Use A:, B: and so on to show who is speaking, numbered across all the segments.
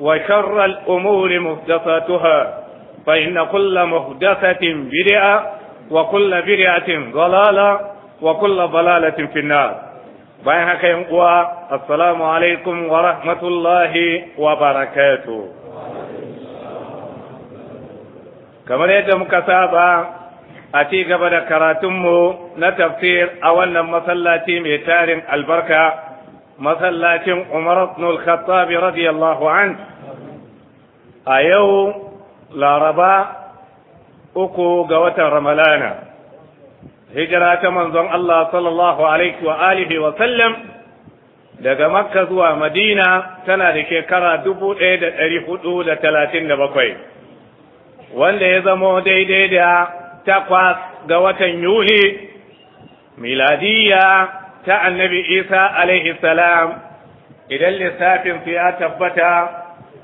A: وشر الأمور محدثاتها فإن كل محدثة بدعة وكل بدعة ضلالة وكل ضلالة في النار bayan haka yan uwa assalamu alaikum wa rahmatullahi wa barakatu kamar yadda muka saba a ci gaba da karatunmu na tafsir a wannan masallaci mai tarin albarka masallacin umar ibn al-khattab radiyallahu an a yau laraba uku ga watan ramalana hijira ta manzon Allah sallallahu alaihi wa wa sallam daga makka zuwa madina tana da shekara dubu ɗaya da ɗari hudu da talatin da bakwai wanda ya zamo daidai da takwas ga watan yuli Miladiya. ta annabi isa alaihi salam idan lissafinsu ya tabbata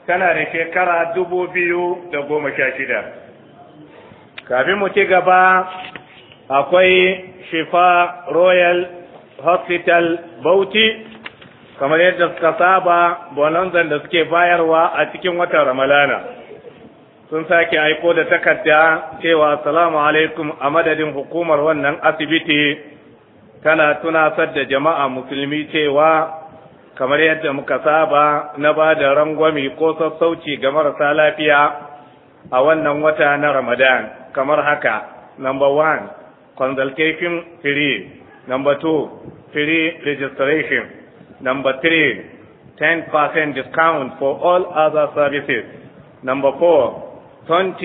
A: tana da shekara dubu biyu da goma sha shida kafin mu ci gaba akwai shifa royal hospital Bauti, kamar yadda suka saba bonanzan da suke bayarwa a cikin watan ramalana sun sake aiko da takarda cewa salamu alaikum a madadin hukumar wannan asibiti tana tunasar da jama'a musulmi cewa kamar yadda muka saba na ba da rangwami ko sassauci ga marasa lafiya a wannan wata na ramadan kamar haka number one consultation free number two free registration number three 10% discount for all other services number four 20%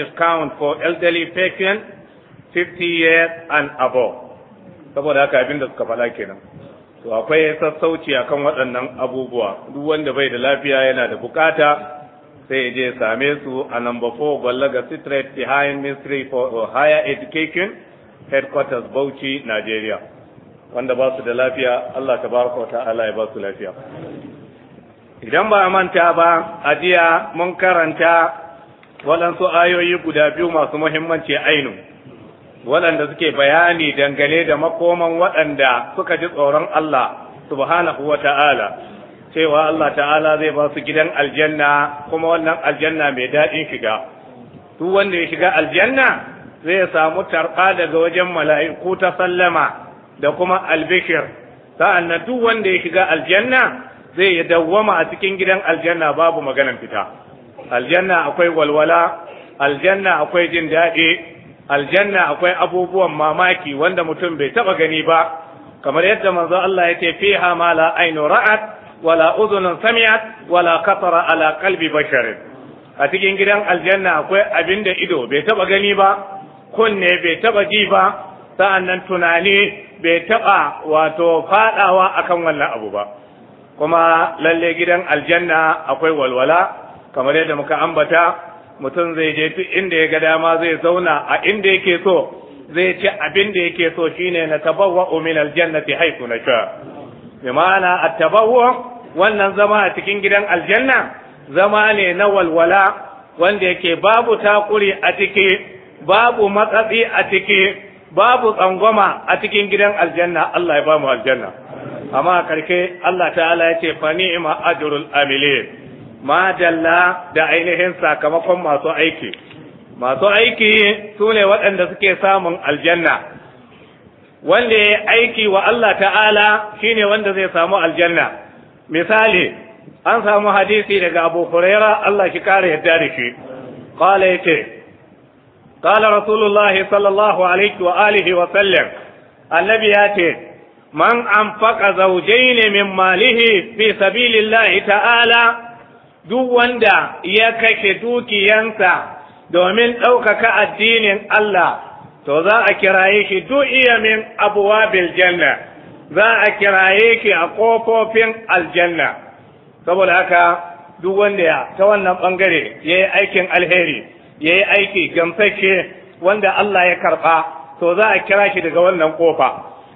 A: discount for elderly patients 50 years and above saboda haka abin da suka fala kenan to akwai sassauci akan waɗannan abubuwa duk wanda bai da lafiya yana da bukata sai ya je same su a number four Gwallaga Street behind Ministry for uh, Higher Education headquarters Bauchi Nigeria wanda ba su da lafiya Allah ta wa ta'ala ya ba su lafiya idan ba a manta ba a jiya mun karanta waɗansu ayoyi guda biyu masu muhimmanci ainihin waɗanda suke bayani dangane da makoman waɗanda suka ji tsoron Allah subhanahu wa ta'ala cewa Allah ta'ala zai ba su gidan aljanna kuma wannan aljanna mai daɗin shiga duk wanda ya shiga aljanna zai samu tarka daga wajen mala'iku ta sallama da kuma albishir sa'an nan duk wanda ya shiga aljanna zai ya dawwama a cikin gidan aljanna babu maganan fita aljanna akwai walwala aljanna akwai jin daɗi aljanna akwai abubuwan mamaki wanda mutum bai taba gani ba kamar yadda manzo Allah ya ce fiha ma la aynu ra'at wala udhun sami'at wala qatara ala qalbi bashar a cikin gidan aljanna akwai abin da ido bai taba gani ba kunne bai taba ji ba sa'annan tunani bai taba wato fadawa akan wannan abu ba kuma lalle gidan aljanna akwai walwala kamar yadda muka ambata mutum zai je duk inda ya ga dama zai zauna a inda yake so zai ci abin da yake so shine na tabawwa min aljannati haythu nasha bi ma'ana at-tabawwa wannan zama a cikin gidan aljanna zama ne na walwala wanda yake babu takuri a ciki babu matsatsi a ciki babu tsangwama a cikin gidan aljanna Allah ya ba mu aljanna amma karke Allah ta'ala ya ce fa ni'ma ajrul amilin madalla da ainihin sakamakon masu aiki masu aiki su ne waɗanda suke samun aljanna wanda ya aiki wa Allah ta'ala shine wanda zai samu aljanna misali an samu hadisi daga abu huraira Allah shi kare yadda da shi ya yace qala rasulullahi sallallahu alaihi wa alihi wa sallam annabi ya ce man zaujai ne min malihi fi sabilillahi ta'ala duk wanda ya kashe dukiyansa domin ɗaukaka addinin Allah to za a kiraye shi duk iya min abuwa janna za a kiraye ki a ƙofofin aljanna saboda haka duk wanda ya ta wannan ɓangare ya yi aikin alheri ya yi aiki gamsashe wanda Allah ya karɓa to za a kira shi daga wannan ƙofa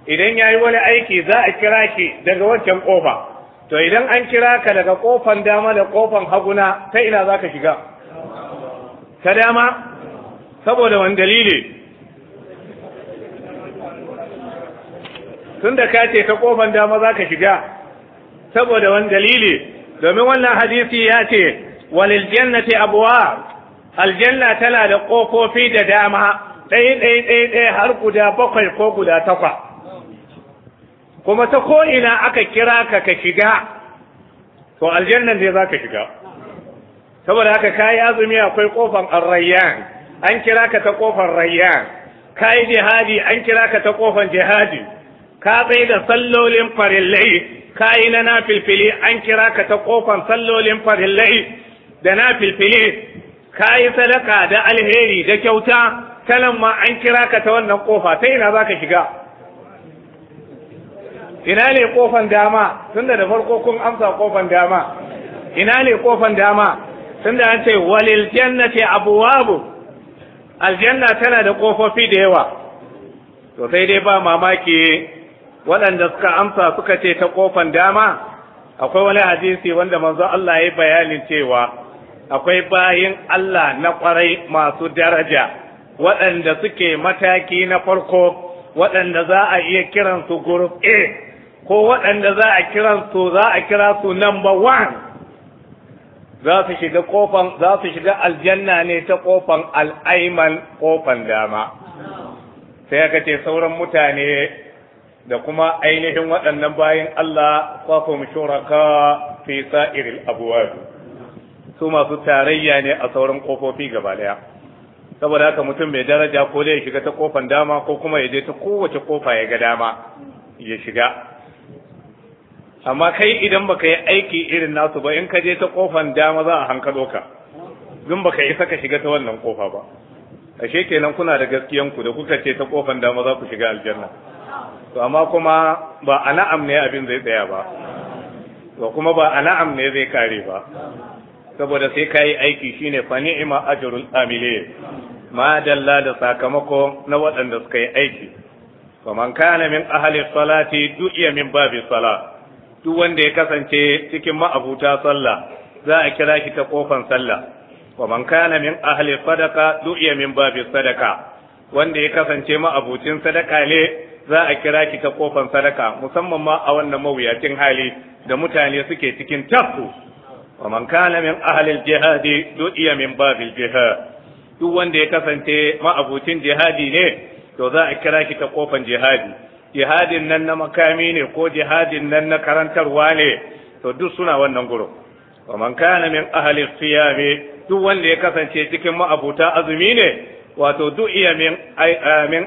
A: idan ya yi wani aiki za a kira shi daga wancan ƙofa to idan an kira ka daga kofan dama da kofan haguna ta ina za ka shiga ta dama saboda wani dalili tun da ka ce ta kofan dama za ka shiga saboda wani dalili domin wannan hadisi ya ce walil jannati abuwa aljanna tana da kofofi da dama ɗaya ɗaya ɗaya har guda bakwai ko guda takwa kuma ta ko ina aka kira ka ka shiga to aljannan ne za ka shiga saboda haka kayi azumi akwai ƙofar arrayyan an kira ka ta ƙofar rayyan kayi jihadi an kira ka ta kofar jihadi ka tsaye da sallolin farillai kayi na nafilfili an kira ka ta ƙofar sallolin farillai da nafilfili kayi sadaka da alheri da kyauta talan ma an kira ka ta wannan ƙofa, ta ina za ka shiga ina ne kofan dama tunda da farko kun amsa kofan dama ina ne kofan dama tunda an ce walil jannati abwabu aljanna tana da kofofi da yawa to sai dai ba mamaki waɗanda suka amsa suka ce ta kofan dama akwai wani hadisi wanda manzo Allah ya bayanin cewa akwai bayin Allah na kwarai masu daraja waɗanda suke mataki na farko waɗanda za a iya kiransu group A ko waɗanda za a kira su za a kira su number one za su shiga kofan za su shiga aljanna ne ta kofan al'aiman kofan dama sai aka ce sauran mutane da kuma ainihin waɗannan bayan Allah kwafin shuraka fi sa'iril abuwar su masu tarayya ne a sauran kofofi gaba daya saboda haka mutum mai daraja ko da ya shiga ta kofan dama ko kuma ya je ta kowace kofa ya ga dama ya shiga amma kai idan baka yi aiki irin nasu ba in ka je ta kofan dama za a hankalo ka dun baka isa ka shiga ta wannan kofa ba ashe kenan kuna da gaskiyan ku da kuka ce ta kofan dama za ku shiga aljanna to amma kuma ba a na'am ne abin zai tsaya ba to kuma ba a na'am ne zai kare ba saboda sai kayi aiki shine fa ni'ima ajrul amile ma dalla da sakamako na waɗanda suka yi aiki faman kana min ahli salati du'iya min babi salat duk wanda ya kasance cikin ma'abuta sallah za a kira shi ta kofan sallah wa man kana min ahli sadaqa du'iya min babi sadaqa wanda ya kasance ma'abucin sadaka ne za a kira shi ta kofan sadaka musamman ma a wannan mawuyacin hali da mutane suke cikin tafku wa man kana min ahli jihadi du'iya min babi jihad duk wanda ya kasance ma'abucin jihadi ne to za a kira shi ta kofan jihadi jihadin nan na makami ne ko jihadin nan na karantarwa ne to duk suna wannan guro wa man kana min ahli siyami duk wanda ya kasance cikin ma'abuta azumi ne wato duk iya min min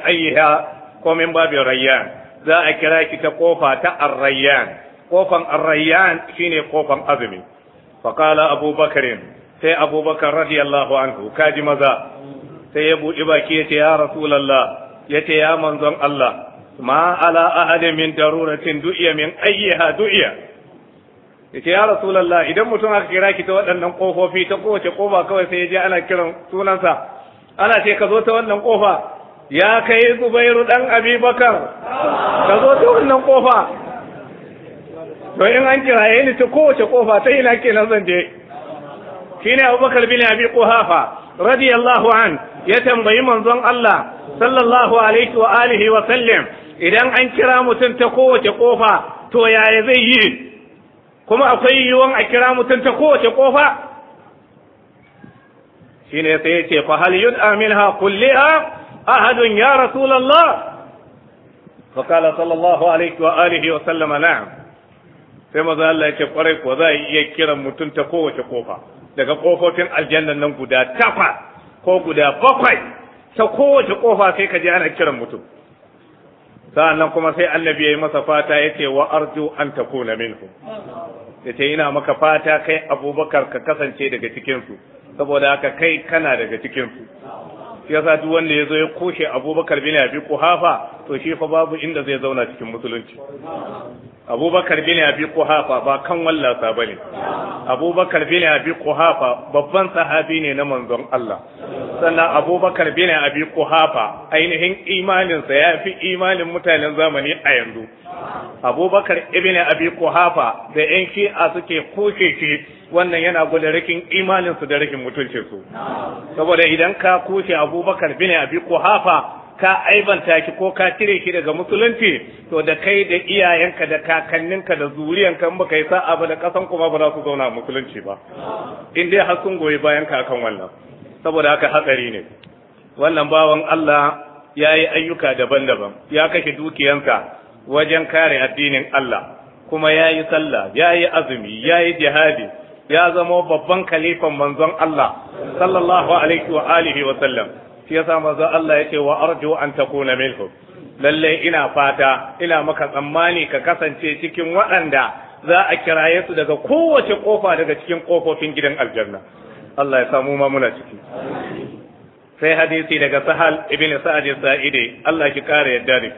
A: ko min babi rayyan za a kira ki ta kofa ta arrayyan kofan arrayyan shine kofan azumi fa qala abubakarin sai abubakar radiyallahu anhu kaji maza sai ya buɗi baki ya ce ya rasulallah ya ce ya manzon Allah ma ala ahadin min daruratin du'iya min ayyiha du'iya yace ya rasulullah idan mutum aka kira ki ta waɗannan kofofi ta kowace kofa kawai sai ya je ana kiran sunansa ana ce ka zo ta wannan kofa ya kai zubairu dan abubakar ka zo ta wannan kofa to in an kira ni ta kowace kofa ta ina kenan zan je shine abubakar bin abi quhafa radiyallahu an ya tambayi manzon Allah sallallahu alaihi wa alihi wa sallam idan an kira mutum ta kowace kofa to yaya zai yi kuma akwai yiwuwan a kira mutum ta kowace kofa ne sai yace fa hal yud'a minha kulliha ahadun ya rasulullah fa kala sallallahu alaihi wa alihi wa sallama na'am sai maza Allah yace kwarai ko za iya kiran mutum ta kowace kofa daga kofofin aljanna nan guda takwa ko guda bakwai ta kowace kofa sai ka je ana kiran mutum sa'annan kuma sai annabi yayi masa fata yace wa arju an takuna minhu yace ina maka fata kai abubakar ka kasance daga cikinsu saboda haka kai kana daga cikinsu. su shi yasa duk wanda yazo ya koshe abubakar bin abi kuhafa to shi fa babu inda zai zauna cikin musulunci abubakar bin abi kuhafa ba kan wallasa ba ne abubakar bin abi kuhafa babban sahabi ne na manzon Allah sannan abubakar bin abi kuhafa ainihin imaninsa ya fi imanin mutanen zamani a yanzu abubakar ibn abi kuhafa da yan shi'a suke koke shi wannan yana gwada rakin imaninsu da rakin mutuncinsu saboda idan ka kushe abubakar bin abi kuhafa ka aibanta ki ko ka cire ki daga musulunci to da kai da iyayenka da kakanninka da zuriyanka in baka yi sa'a ba da kasan kuma ba za ku zauna a musulunci ba in dai har sun goyi bayan ka kan wannan saboda haka hatsari ne wannan bawan Allah ya yi ayyuka daban-daban ya kashe dukiyansa wajen kare addinin Allah kuma ya yi sallah ya yi azumi ya yi jihadi ya zama babban kalifan manzon Allah sallallahu alaihi wa alihi wa sallam shi yasa manzo Allah ce wa arju an takuna minhum lalle ina fata ina maka tsammani ka kasance cikin waɗanda za a kiraye su daga kowace kofa daga cikin kofofin gidan aljanna Allah ya samu ma muna ciki sai hadisi daga sahal ibn sa'ad sa'idi Allah ki kare yadda da ki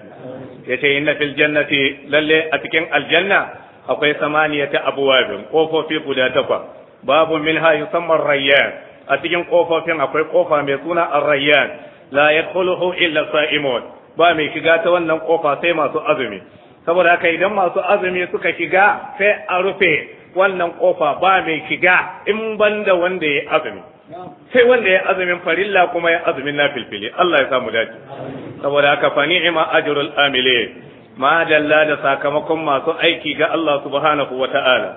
A: yace inna fil jannati lalle a cikin aljanna akwai samaniyata abwabin kofofi guda takwa babu minha yusamma rayyan a cikin kofofin akwai kofa mai suna Arrayyan, rayyan la yadkhuluhu illa sa'imun ba mai shiga ta wannan kofa sai masu azumi saboda haka idan masu azumi suka shiga sai a rufe wannan kofa ba mai shiga in banda wanda ya azumi sai wanda ya azumin farilla kuma ya azumin nafilfili Allah ya samu dace saboda haka fa ni'ma ajrul amilin ma dalla da sakamakon masu aiki ga Allah subhanahu wata'ala ta'ala,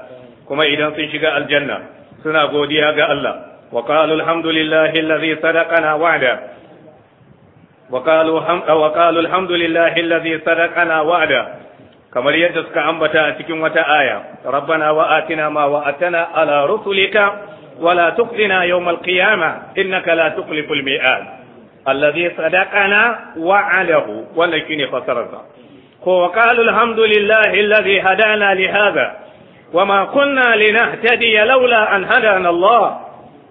A: kuma idan sun shiga aljanna suna godiya ga Allah, وقالوا الحمد لله الذي صدقنا وعده وقالوا حمد وقالوا الحمد لله الذي صدقنا وعده كما يجسك أنبتا تكم وتآية ربنا وآتنا ما وآتنا على رسلك ولا تخزنا يوم القيامة إنك لا تخلف الميعاد الذي صدقنا وعده ولكن خسرنا وقالوا الحمد لله الذي هدانا لهذا وما كنا لنهتدي لولا أن هدانا الله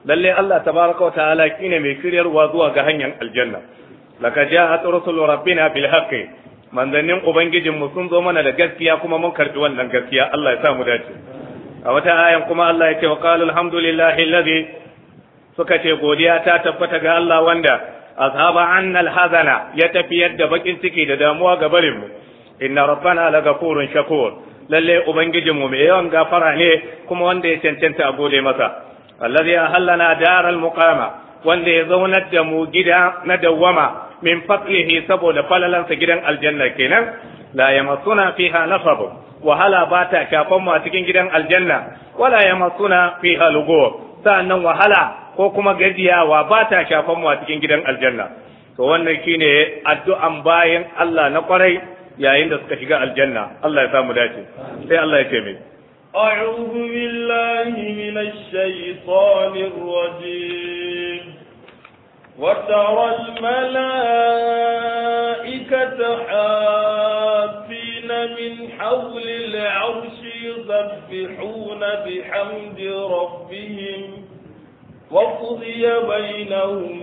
A: lalle Allah tabaraka wa ta'ala kine mai kiryarwa zuwa ga hanyar aljanna laka ja'at rusul rabbina bil haqqi manzannin ubangijin mu sun zo mana da gaskiya kuma mun karbi wannan gaskiya Allah ya sa mu dace a wata ayan kuma Allah ya ce wa qala alhamdulillahi alladhi suka ce godiya ta tabbata ga Allah wanda azhaba anna alhazana ya tafiyar da bakin ciki da damuwa ga barin mu inna rabbana lagafurun shakur lalle ubangijin mu mai yawan gafara ne kuma wanda ya cancanta a gode masa ya ahallana daral muqama wanda ya zaunar da mu gida na dawwama min fadlihi saboda falalansa gidan aljanna kenan la yamassuna fiha nasab wahala ba ta kafan a cikin gidan aljanna wala yamassuna fiha lugub sannan wahala ko kuma gajiyawa ba ta shafan a cikin gidan aljanna to wannan shine addu'an bayan Allah na kwarai yayin da suka shiga aljanna Allah ya samu dace sai Allah ya ce mai
B: أعوذ بالله من الشيطان الرجيم وترى الملائكة حافين من حول العرش يسبحون بحمد ربهم وقضي بينهم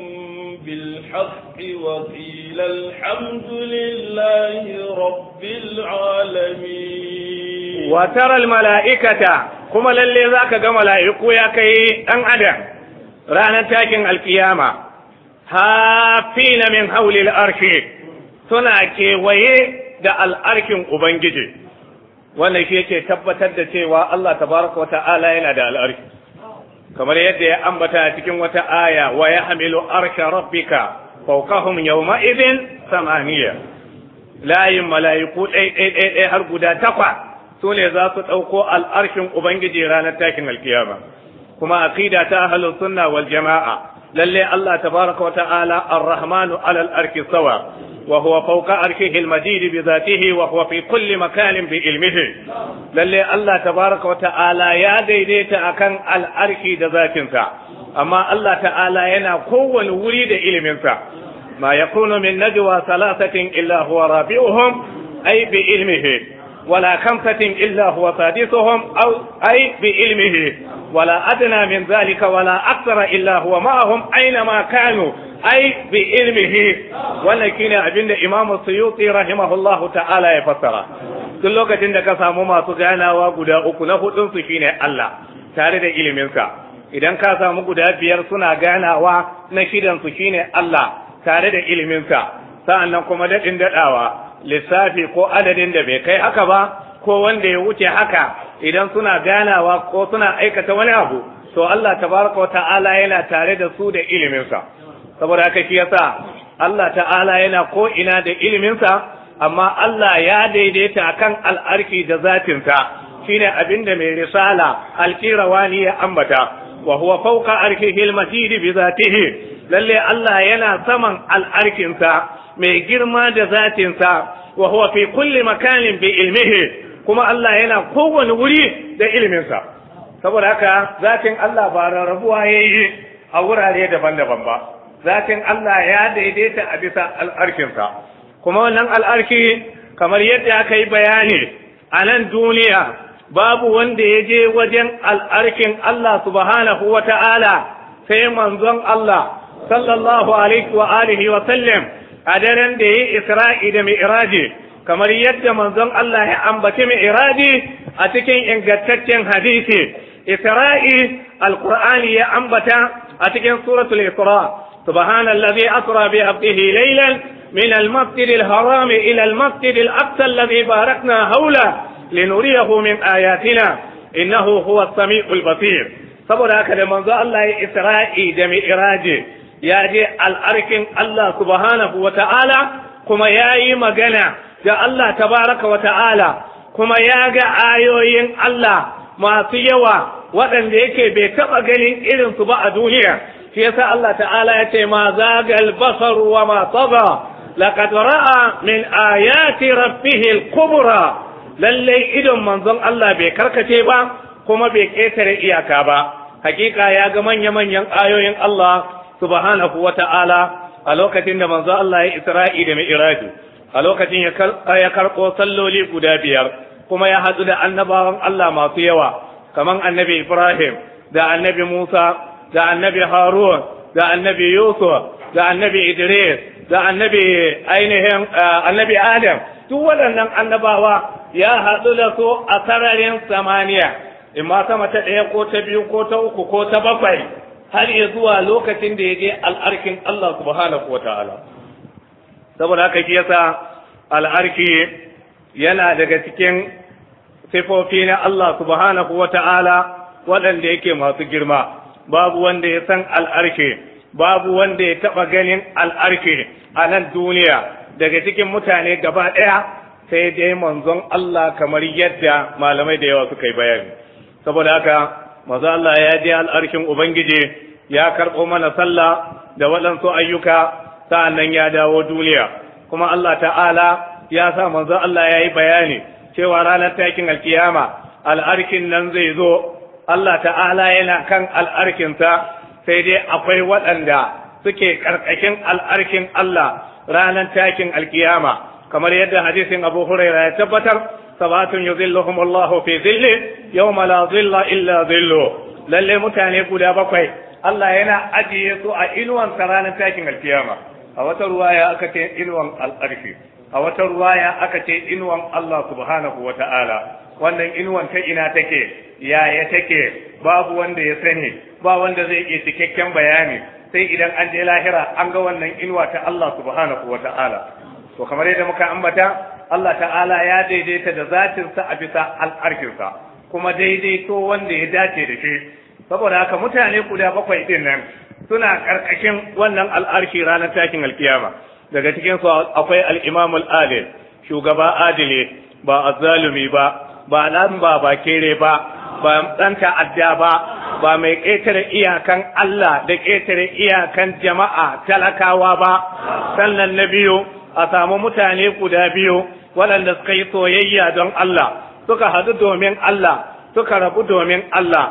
B: بالحق وقيل الحمد لله رب العالمين
A: wa taral mala'ikata kuma lalle zaka ga mala'iku ya kai ɗan adam ranar takin alkiyama na min haulil arshi suna kewaye da al'arkin ubangiji wannan shi yake tabbatar da cewa Allah tabaraka wa ta'ala yana da al'arki kamar yadda ya ambata cikin wata aya wa ya hamilu arsha rabbika fawqahum yawma idhin samaniya layin mala'iku ɗai ɗai ɗai har guda takwa su ne za su ɗauko al'arshin ubangiji ranar takin alkiyama kuma aqida ta ahlus sunna wal jama'a lalle Allah tabaraka wata'ala ar-rahmanu alal al-arshi sawa wa huwa fawqa arshihi al-majid bi dhatihi wa huwa fi kulli makanin bi ilmihi lalle Allah tabaraka wata'ala ya daidaita akan al-arshi da zafinsa, amma Allah ta'ala yana kowane wuri da iliminsa ma yakunu min najwa salasatin illa huwa rabi'uhum ay bi ilmihi ولا خمسة إلا هو سادسهم أو أي بعلمه ولا أدنى من ذلك ولا أكثر إلا هو معهم أينما كانوا أي بعلمه ولكن أبن إمام السيوطي رحمه الله تعالى يفسر كل وقت عندك سامو ما سجانا وقدا أكنا هدن سكين الله تارد إلمنك idan ka samu guda biyar suna ganawa na shidan su shine Allah tare da iliminsa sa'annan kuma daɗin daɗawa lissafi ko adadin da bai kai haka ba ko wanda ya wuce haka idan suna ganawa ko suna aikata wani abu to Allah tabaraka wa ta'ala yana tare da su da iliminsa saboda haka shi yasa Allah ta'ala yana ko ina da iliminsa amma Allah ya daidaita kan al'arki da zatinsa shine abinda mai risala alkirawani ya ambata wa huwa fawqa arkihil majid bi zatihi lalle Allah yana saman al'arkinsa mai girma da zatinsa wa huwa fi kulli makanin bi ilmihi kuma Allah yana kowane wuri da ilminsa saboda haka zatin Allah ba rarrabuwa yayi a wurare daban-daban ba zatin Allah ya daidaita a bisa al'arkinsa kuma wannan al'arki kamar yadda aka yi bayani a nan duniya babu wanda ya je wajen al'arkin Allah subhanahu wa ta'ala sai manzon Allah sallallahu alaihi wa alihi wa sallam a daren da yi isra'i da mi'raji kamar yadda manzon Allah ya ambaci mi'raji a cikin ingantaccen hadisi isra'i alqur'ani ya ambata a cikin suratul isra سبحان الذي أسرى بعبده ليلا من المسجد الحرام إلى المسجد الأقصى الذي باركنا حوله لنريه من آياتنا إنه هو السميع البصير saboda haka da manzo Allah ya isra'i da mi'raji ya je al'arkin Allah subhanahu wa ta'ala kuma ya yi magana da Allah tabaraka wa ta'ala kuma ya ga ayoyin Allah masu yawa waɗanda yake bai taɓa ganin irinsu ba a duniya shi yasa Allah ta'ala ya ce ma zagal basar wa ma taba laqad ra'a min ayati rabbih kubra idon manzon Allah bai karkace ba kuma bai ƙetare iyaka ba hakika ya ga manya-manyan ayoyin Allah subhanahu wa ta'ala a lokacin da manzo Allah ya Isra'i da Mi'raji a lokacin ya karko salloli guda biyar kuma ya hadu da annabawan Allah masu yawa kaman annabi Ibrahim da annabi Musa da annabi Harun da annabi Yusuf da annabi Idris da annabi ainihin eh, annabi Adam duk waɗannan annabawa ya hadu da su a sararin samaniya in ma sama ta ɗaya ko ta biyu ko ta uku ko ta bakwai har ya zuwa lokacin da ya je al'arkin Allah subhanahu wa ta'ala saboda haka shi yasa al'arki yana daga cikin sifofi na Allah subhanahu wa ta'ala waɗanda yake masu girma babu wanda ya san al'arki babu wanda ya taɓa ganin al'arki a nan duniya daga cikin mutane gaba ɗaya sai dai manzon Allah kamar yadda malamai da yawa suka yi bayani saboda haka manzo Allah ya je al'arshin ubangiji ya karɓo mana sallah da waɗansu ayyuka sa'annan ya dawo duniya kuma Allah ta'ala ya sa manzo Allah ya yi bayani cewa ranar takin alkiyama al'arkin nan zai zo Allah ta'ala yana kan al'arkinsa sai dai akwai waɗanda suke ƙarƙashin al'arkin Allah ranar takin alkiyama kamar yadda hadisin Abu huraira ya tabbatar sabatun yuzilluhumullahu fi Yau yawma la zilla illa zillu lalle mutane guda bakwai Allah yana ajiye su a inuwan ranar takin alkiyama a wata ruwaya aka ce inuwan al'arfi a wata ruwaya aka ce inuwan Allah subhanahu wa ta'ala wannan inuwan ta ina take yaya take babu wanda ya sani ba wanda zai iya cikakken bayani sai idan an je lahira an ga wannan inuwa ta Allah subhanahu wa ta'ala to kamar yadda muka ambata Allah ta'ala ya daidaita da zatinsa a bisa al'arkinsa kuma daidaito wanda ya dace da shi saboda haka mutane guda bakwai din nan suna ƙarƙashin wannan al'arshi ranar takin alkiyama daga cikin su akwai al-imam al-adil shugaba adile ba azzalumi ba ba nan ba ba kere ba ba dan ta'adda ba ba mai ƙetare iyakan Allah da ƙetare iyakan jama'a talakawa ba sannan na biyu a samu mutane guda biyu waɗanda suka yi soyayya don Allah suka haɗu domin Allah suka rabu domin Allah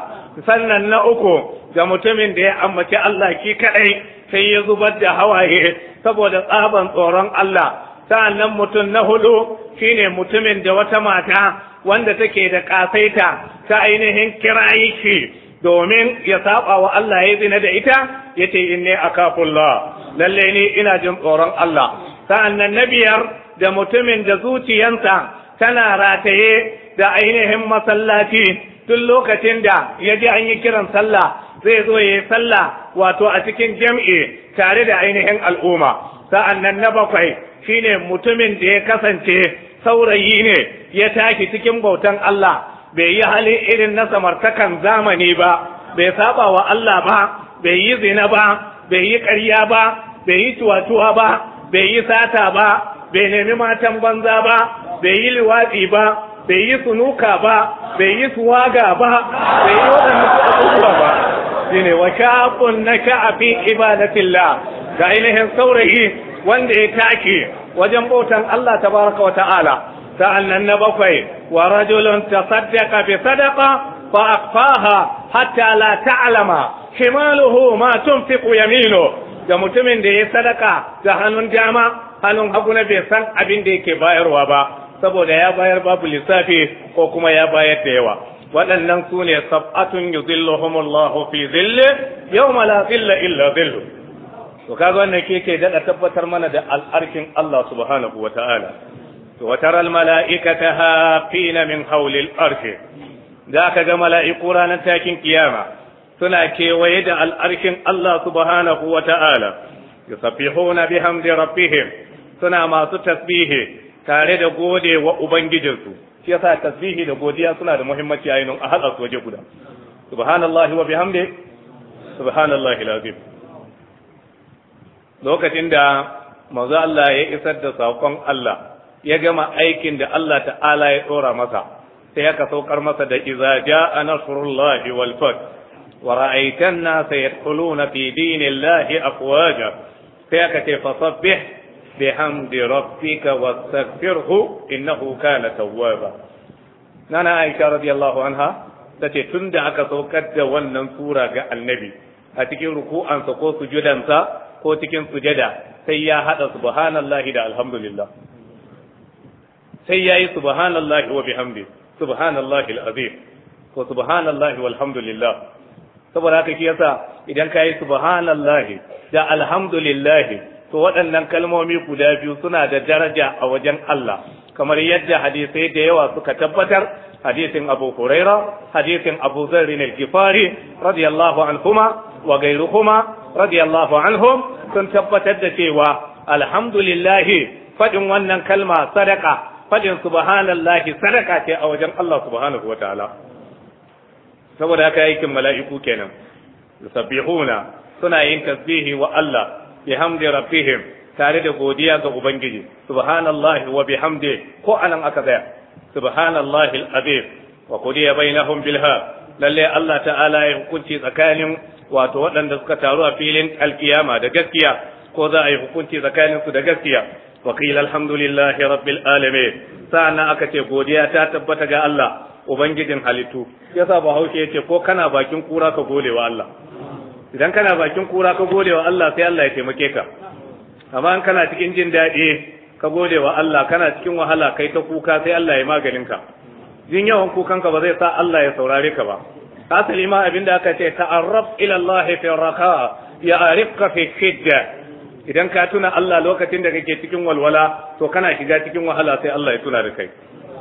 A: sannan na uku ga mutumin da ya ambaci Allah ki kaɗai sai ya zubar da hawaye saboda tsaban tsoron Allah sa'annan mutum na hudu shine mutumin da wata mata wanda take da kasaita ta ainihin kirayi shi domin ya saba wa Allah ya zina da ita yace inni akafullah lalle ni ina jin tsoron Allah sa'annan na biyar da mutumin da zuciyansa tana rataye da ainihin masallaci tun lokacin da ya ji an yi kiran sallah zai zo ya yi sallah wato a cikin jam'i tare da ainihin al'umma sa'annan na bakwai shine mutumin da ya kasance saurayi ne ya taki cikin bautan Allah bai yi halin irin na samartakan zamani ba bai saba wa Allah ba bai yi zina ba bai yi ƙarya ba bai yi tuwatuwa ba bai yi sata ba bai nemi matan banza ba bai yi liwatsi ba bai yi sunuka ba bai yi suwaga ba bai yi waɗannan abubuwa ba shine wa shaqun naka fi ibadatillah ga ainihin saurayi wanda ya take wajen bautan Allah tabaraka wa ta'ala sa'annan na bakwai wa rajulun tasaddaqa bi sadaqa فأخفاها حتى لا تعلم شماله ما تنفق يمينه da mutumin da ya sadaka da hannun dama hannun hagu na bai san abin da yake bayarwa ba saboda ya bayar babu lissafi ko kuma ya bayar da yawa waɗannan su ne sab'atun yuzilluhumullahu fi zille yawma la zilla illa zillu to kaga wannan ke ke daɗa tabbatar mana da al'arkin Allah subhanahu wa ta'ala to wa taral mala'ikata hafina min hawlil arshi za ka ga mala'iku ranar takin kiyama suna kewaye da al'arshin Allah subhanahu wa ta'ala yusabbihuna bihamdi rabbihim suna masu tasbihi tare da gode wa ubangijinsu shi yasa tasbihi da godiya suna da muhimmanci a yinin a haɗa su waje guda subhanallahi wa bihamdi subhanallahi lazim lokacin da mazu Allah ya isar da saƙon Allah ya gama aikin da Allah ta'ala ya ɗora masa sai aka saukar masa da idza jaa nasrullahi wal fath wa ra'aita an-nasa yadkhuluna fi dinillahi afwaja sai aka ce fasabbih bihamdi rabbika wastaghfirhu innahu kana tawwaba nana aisha radiyallahu anha tace tunda aka saukar da wannan sura ga annabi a cikin ruku'ansa ko sujudansa ko cikin sujada sai ya hada subhanallahi da alhamdulillah sai yayi subhanallahi wa bihamdihi subhanallahi alazim ko subhanallahi walhamdulillah saboda haka shi yasa idan ka yi subhanallahi da alhamdulillahi to waɗannan kalmomi guda biyu suna da daraja a wajen Allah kamar yadda hadisai da yawa suka tabbatar hadisin Abu Huraira hadisin Abu Zarr al-Ghifari radiyallahu anhuma wa gairuhuma radiyallahu anhum sun tabbatar da cewa alhamdulillahi fadin wannan kalma sadaka fadin subhanallahi sadaka ce a wajen Allah subhanahu ta'ala. saboda haka aikin mala'iku kenan yusabbihuna suna yin tasbihi wa Allah bihamdi rabbihim tare da godiya ga ubangiji subhanallahi wa bihamdi ko anan aka tsaya subhanallahi al-azim wa qudiya bainahum bilha lalle Allah ta'ala ya hukunci tsakanin wato waɗanda suka taru a filin alkiyama da gaskiya ko za a yi hukunci tsakaninsu da gaskiya وقيل الحمد لله رب العالمين aka ce godiya ta tabbata ga Allah ubangijin halittu yasa bahaushe yace ko kana bakin kura ka wa Allah idan kana bakin kura ka wa Allah sai Allah ya taimake ka amma in kana cikin jin daɗi ka wa Allah kana cikin wahala kai ta kuka sai Allah ya maganin ka jin yawan kukan ka ba zai sa Allah ya saurare ka ba asali ma abinda aka ce ta'arraf ila Allah fi raqa ya arifka fi shidda idan ka tuna Allah lokacin da kake cikin walwala to kana shiga cikin wahala sai Allah ya tuna da kai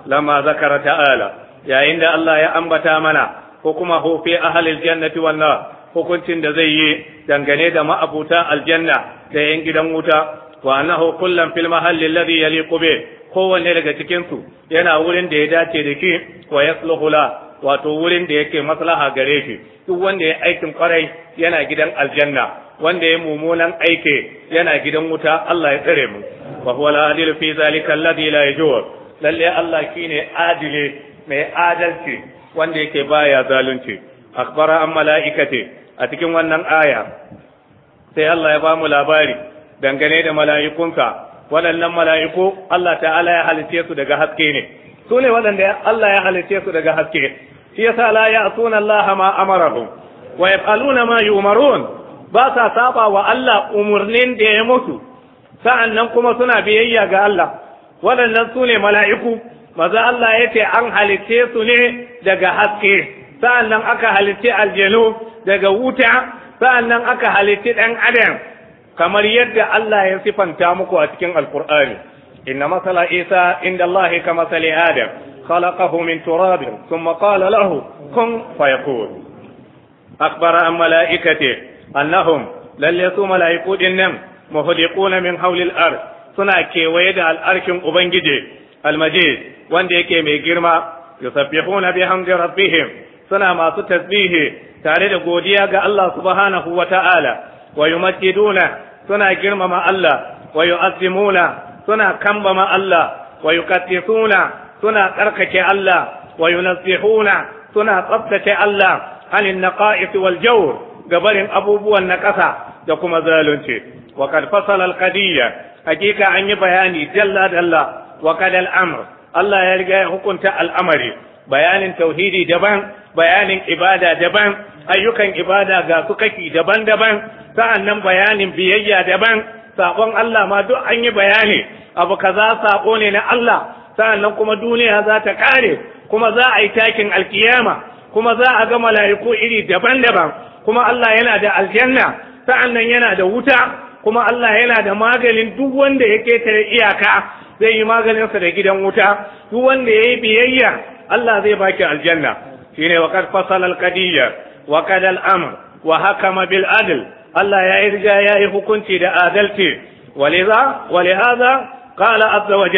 A: lama zakara ta'ala yayin da Allah ya ambata mana ko kuma hu fi ahlil jannati wan nar hukuncin da zai yi dangane da ma'abuta aljanna da yan gidan wuta wa annahu kullam fil mahalli alladhi yaliqu bi kowanne daga cikin su yana wurin da ya dace da shi wa yasluhu la wato wurin da yake maslaha gare shi duk wanda ya aikin kwarai yana gidan aljanna wanda ya mummunan aike yana gidan wuta Allah ya tsare mu wa huwa al-adil fi zalika alladhi la yajur lalle Allah shine adile mai adalci wanda yake baya zalunci akhbara an malaikati a cikin wannan aya sai Allah ya ba mu labari dangane da mala'ikunka waɗannan mala'iku Allah ta'ala ya halice su daga haske ne su ne waɗanda Allah ya halice su daga haske shi yasa la ya'tuna Allah ma amarahum wa yaf'aluna ma yu'marun ba sa saba wa Allah umarnin da ya mutu nan kuma suna biyayya ga Allah waɗannan su ne mala'iku maza Allah ya ce an halitte su ne daga haske nan aka halitte aljanu daga wuta nan aka halitte ɗan adam kamar yadda Allah ya sifanta muku a cikin alkur'ani inna masala isa inda Allah ka masali adam خلقه من تراب ثم قال له كن فيكون أخبر عن ملائكته annahum lallai su mala'iku nan muhdiquna min hawlil ar suna kewaye da al'arkin ubangiji Almaji, wanda yake mai girma yusabbihuna bihamdi rabbihim suna masu tasbihi tare da godiya ga Allah subhanahu wa ta'ala wa yumakkiduna suna girmama Allah wa yu'azzimuna suna kambama Allah wa yuqaddisuna suna tsarkake Allah wa yunazzihuna suna tsabtace Allah anin naqa'is wal jawr barin abubuwan na ƙasa da kuma zalunci wa kad fasala al hakika an yi bayani dalla dalla wa kad al amr Allah ya riga ya hukunta al'amari bayanin tauhidi daban bayanin ibada daban ayyukan ibada ga su kaki daban-daban sa'annan bayanin biyayya daban sakon Allah ma duk an yi bayani abu kaza sako ne na Allah sa'annan kuma duniya za ta kare kuma za a yi takin alkiyama kuma za a ga mala'iku iri daban-daban kuma Allah yana da aljanna sa'annan yana da wuta kuma Allah yana da maganin duk wanda ya ketare iyaka zai yi maganinsa da gidan wuta duk wanda ya yi biyayya Allah zai baki aljanna shine ne qad fasala al-qadiyya wa qad wa hakama bil adl Allah ya yi riga ya yi hukunci da adalci waliza walihada qala azza wa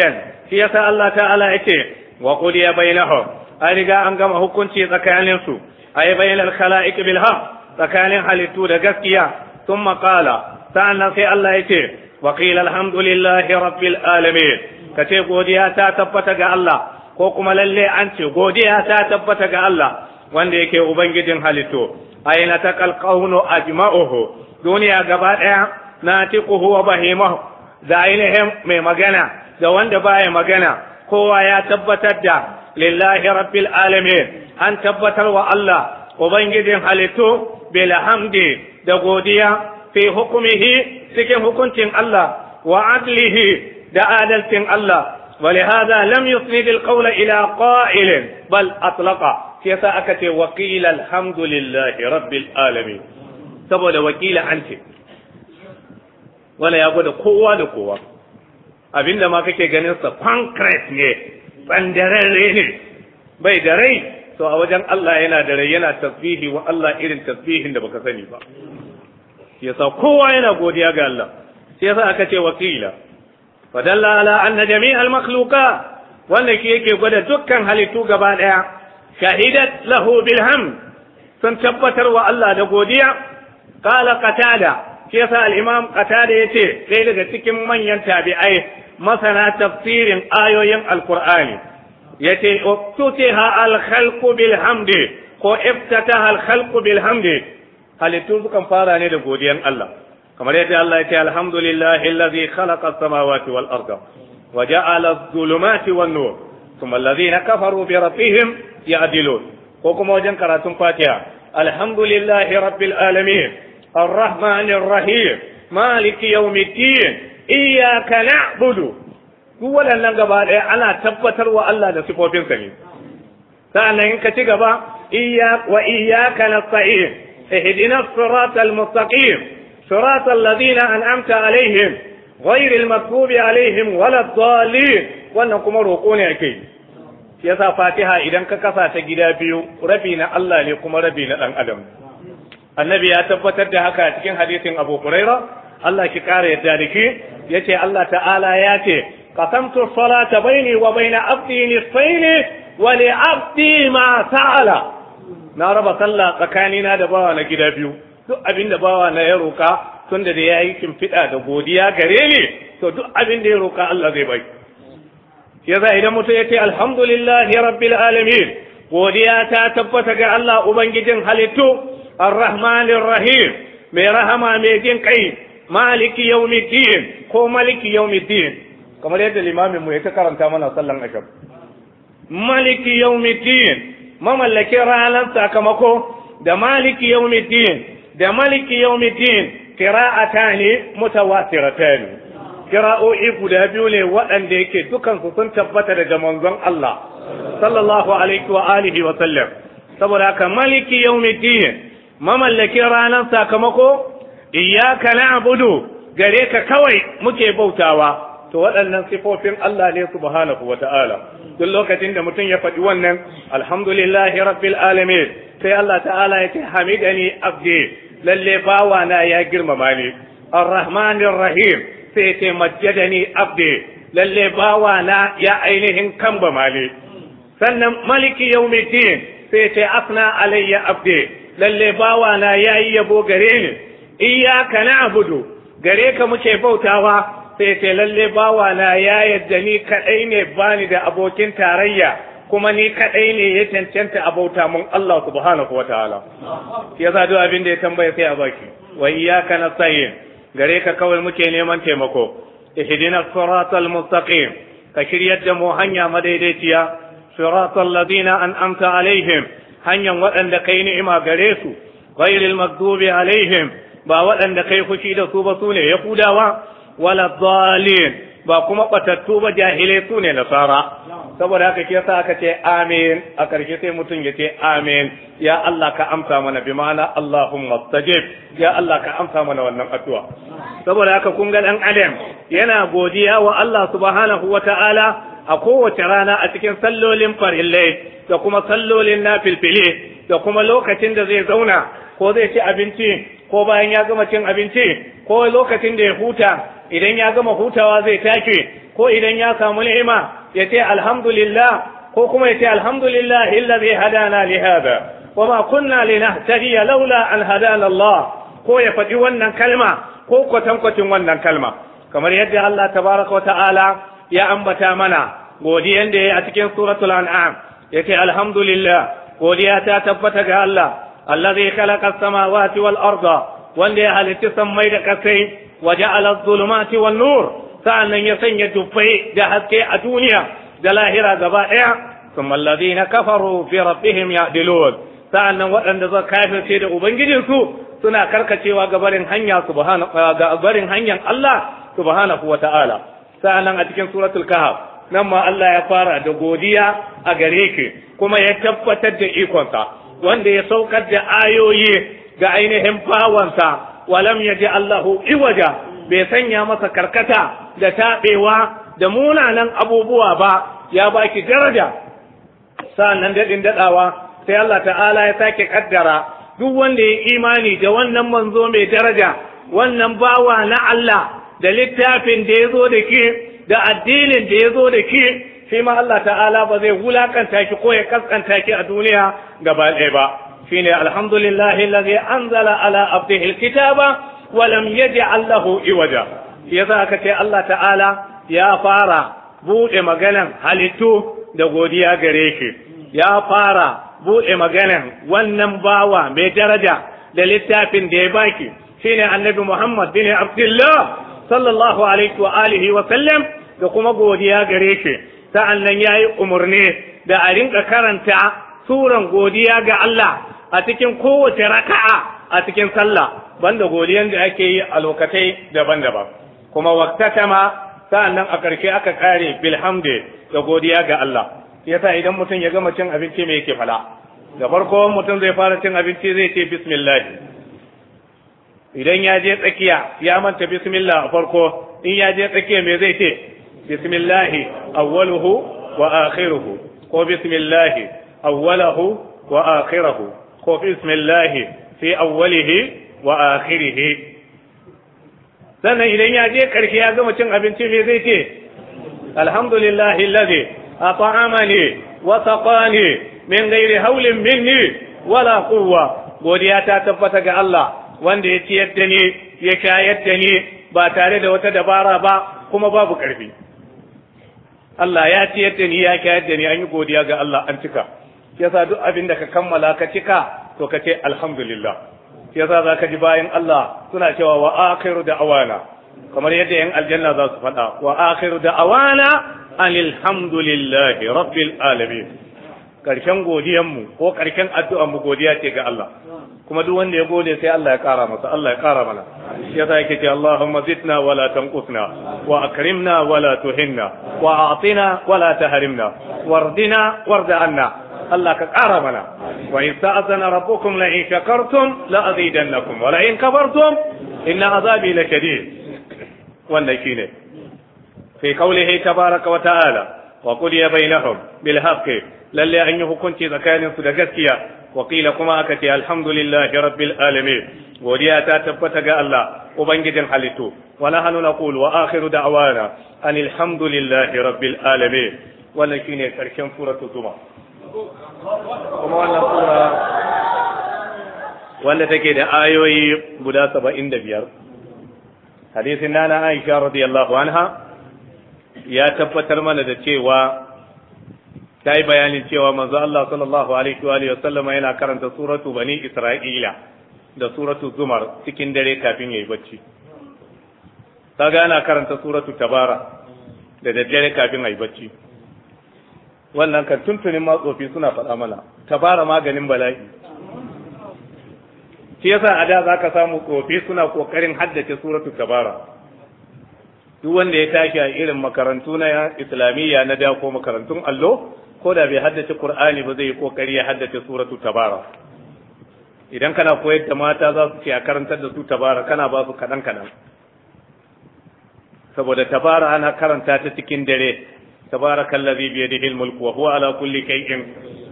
A: shi yasa Allah ta'ala yake wa qudiya bainahum Ai riga an gama hukunci tsakaninsu ay bainal khala'iq bil haqq tsakanin halittu da gaskiya sun maƙala sa'annan sai Allah ya ce wa qila alhamdulillahi rabbil alamin ka ce godiya ta tabbata ga Allah ko kuma lalle an ce godiya ta tabbata ga Allah wanda yake ubangijin halittu aina taqal qawnu ajma'uhu duniya gaba daya natiquhu wa bahimahu da ainihin mai magana da wanda baya magana kowa ya tabbatar da lillahi rabbil alamin an tabbatar wa Allah ubangijin halittu Balhamdi da godiya fi hukumihi cikin hukuncin Allah wa adlihi da adalcin Allah ولهذا لم يسند القول إلى قائل بل أطلق aka ce وقيل الحمد لله رب العالمين saboda wakila an ce wala ya gwada kowa da kowa abinda ma kake ganin sa concrete ne tsandararre ne bai da rai to a wajen Allah yana da rai yana tasbihi wa Allah irin tasbihin da baka sani ba yasa kowa yana godiya ga Allah sai yasa aka ce wakila fadalla ala anna jami'al makhluqa wanda ke yake gwada dukkan halittu gaba daya shahidat lahu bilham sun tabbatar wa Allah da godiya qala qatada shi yasa al-imam qatada yace sai daga cikin manyan tabi'ai masana tafsirin ayoyin alqur'ani يتي افتتها الخلق بالحمد كو افتتها الخلق بالحمد هل تزكى فاراني لغوديا الله كما يتي الله يتي الحمد لله الذي خلق السماوات والارض وجعل الظلمات والنور ثم الذين كفروا بربهم يعدلون وكما وجن كراتم فاتحة الحمد لله رب العالمين الرحمن الرحيم مالك يوم الدين إياك نعبد duk waɗannan gaba ɗaya ana tabbatarwa Allah da sifofinsa ne sa'annan in ka ci gaba iya wa iyyaka nasta'in ihdina siratal mustaqim siratal ladina an'amta alaihim ghayril maghdubi alaihim waladdallin wannan kuma roƙo ne ake shi yasa Fatiha idan ka kasa ta gida biyu rabi na Allah ne kuma rabi na dan adam annabi ya tabbatar da haka cikin hadisin Abu Hurairah Allah ki kara yadda da ki yace Allah ta'ala ya ce قسمت الصلاة بيني وبين عبدي نصفين ولعبدي ما سأل na raba sallah tsakanina da bawa na gida biyu duk abin da bawa na ya roka tun da da ya yi kimfiɗa da godiya gare ni to duk abinda ya roka Allah zai bai ya idan mutum ya ce alhamdulillah ya rabbil alamin godiya ta tabbata ga Allah ubangijin halittu arrahmanir rahim mai rahama mai jin kai maliki yawmiddin ko maliki yawmiddin kamar yadda limamin mu ya ta karanta mana sallan ashab maliki yawmiddin mamallakin ranar sakamako da maliki yawmiddin da maliki yawmiddin qira'atani mutawatiratan qira'o'i guda biyu ne waɗanda yake dukan su sun tabbata daga manzon Allah sallallahu alaihi wa alihi wa sallam saboda ka maliki yawmiddin mamallakin ranar sakamako iyyaka na'budu gare ka kawai muke bautawa to waɗannan sifofin Allah ne subhanahu wa ta'ala duk lokacin da mutum ya faɗi wannan alhamdulillahi rabbil alamin sai Allah ta'ala ya ce hamidani abdi lalle bawa na ya girmama ni arrahmanir rahim sai ce majjadani abdi lalle bawa na ya ainihin kamba mali. sannan maliki yawmiddin sai ta asna alayya abdi lalle bawa na yayi yabo gare ni iyyaka na'budu gare ka muke bautawa sai lalle bawa na ya yadda ni kadai ne bani da abokin tarayya kuma ni kadai ne ya cancanta abauta mun Allah subhanahu Ta'ala. ya sa duk abin da ya tambaya sai a baki wa iyyaka nasta'in gare ka kawai muke neman taimako ihdina siratal mustaqim ka shiryar da mu hanya madaidaiciya siratal ladina an'amta alaihim hanyar waɗanda kai ni'ima gare su ghairil maghdubi alaihim ba waɗanda kai fushi da su ba su ne kudawa? wala dhalin ba kuma batattu ba jahilai su ne nasara saboda haka ke sa aka ce amin a karshe sai mutum ya ce amin ya Allah ka amsa mana bi ma'ana Allahumma stajib ya Allah ka amsa mana wannan addu'a saboda haka kun ga dan adam yana godiya wa Allah subhanahu wata'ala a kowace rana a cikin sallolin farillai da kuma sallolin nafilfili, da kuma lokacin da zai zauna ko zai ci abinci ko bayan ya gama cin abinci ko lokacin da ya huta idan ya gama hutawa zai take ko idan ya samu ni'ima ya ce alhamdulillah ko kuma ya ce alhamdulillah illazi hadana li hada wa ma kunna linahtadiya laula an hadana Allah ko ya faɗi wannan kalma ko kwatankwacin wannan kalma kamar yadda Allah tabaraka ta'ala ya ambata mana godiyan da ya a cikin suratul an'am yace alhamdulillah godiya ta tabbata ga Allah allazi khalaqa as-samawati wal arda wanda ya halitta sammai da kasai وجعل الظلمات والنور سألن يسن يجفي جهزك أدونيا جلاهرة زبائع ثم الذين كفروا في ربهم يأدلون sa'annan waɗanda za kafin ce da Ubangijinsu suna karkacewa ga barin ga barin hanyar Allah subhanahu wa ta'ala sa'annan a cikin suratul kahaf nan ma Allah ya fara da godiya a gare ki kuma ya tabbatar da ikonsa wanda ya saukar da ayoyi ga ainihin bawansa walam ya ji Allahu iwaja bai sanya masa karkata da taɓewa da munanan abubuwa ba ya baki daraja sa'annan daɗin daɗawa sai Allah ta'ala ya sake kaddara duk wanda ya imani da wannan manzo mai daraja wannan bawa na Allah da littafin da ya zo da ke da addinin da ya zo da ke shi ma Allah ta'ala ba zai wulakanta ki ko ya kaskanta ki a duniya gaba ɗaya ba shine alhamdulillahi allazi anzala ala abdihi alkitaba wa lam yaj'al lahu iwaja yasa aka ce Allah ta'ala ya fara bude maganan halittu da godiya gare shi ya fara bude maganan wannan bawa mai daraja da littafin da ya baki shine annabi Muhammad bin Abdullah sallallahu alaihi wa alihi wa sallam da kuma godiya gare shi sa'an nan yayi umurni da a rinka karanta suran godiya ga Allah a cikin kowace raka'a a cikin sallah banda godiyan da ake yi a lokatai daban-daban kuma ma sa'annan a karshe aka kare bilhamdi da godiya ga Allah yasa idan mutum ya gama cin abinci me yake fala da farko mutum zai fara cin abinci zai ce bismillah idan ya je tsakiya ya manta bismillah a farko in ya je tsakiya me zai ce bismillah awwaluhu wa akhiruhu ko bismillah awwaluhu wa akhirahu ko fi ismillahi fi awwalihi wa sannan idan ya je karshe ya gama cin abinci me zai ce alhamdulillahi alladhi at'amani wa saqani min ghairi hawlin minni wala quwwa godiya ta tabbata ga Allah wanda ya ciyar da ni ya shayar da ni ba tare da wata dabara ba kuma babu karfi Allah ya ciyar da ni ya shayar da ni an yi godiya ga Allah an cika yasa duk abin da ka kammala ka cika to ka ce alhamdulillah yasa za ka ji bayan Allah suna cewa wa akhiru da awana kamar yadda yan aljanna za su faɗa wa akhiru da awana alhamdulillahi rabbil alamin karshen godiyan mu ko karshen addu'an mu godiya ce ga Allah kuma duk wanda ya gode sai Allah ya kara masa Allah ya kara mana yasa yake ce Allahumma zidna wa la tanqusna wa akrimna wa la tuhinna wa a'tina wa la tahrimna wardina warda anna Allah ka ƙara mana wa in ta'azana rabbukum la in shakartum la azidannakum wa la in kafartum inna azabi la shadid wannan shine fi qawlihi tabaraka wa ta'ala wa qudiya bainahum bil haqqi lalle an yi hukunci tsakanin su da gaskiya wa qila kuma aka ce alhamdulillahi rabbil alamin godiya ta tabbata ga Allah ubangijin halittu wa nahnu naqulu wa akhiru da'wana anil hamdulillahi rabbil alamin wannan shine karshen suratul zuma
C: kuma wannan sura
A: wanda take da ayoyi guda saba'in da biyar hadisin nana aisha radiyallahu anha ya tabbatar mana da cewa ta yi bayanin cewa manzo Allah sallallahu alaihi wa sallama yana karanta suratu bani isra'ila da suratu zumar cikin dare kafin yayi bacci kaga yana karanta suratu tabara da daddare kafin ayi bacci wannan kan tuntunin matsofi suna faɗa mana ta maganin bala'i shi yasa a da za ka samu tsofi suna ƙoƙarin haddace suratu tabara duk wanda ya tashi a irin makarantu na islamiyya na da ko makarantun allo ko da bai haddace qur'ani ba zai yi ƙoƙari ya haddace suratu tabara idan kana koyar da mata za su ce a karantar da su tabara kana ba su kaɗan kaɗan saboda tabara ana karanta ta cikin dare تبارك الذي بيده الملك وهو على كل شيء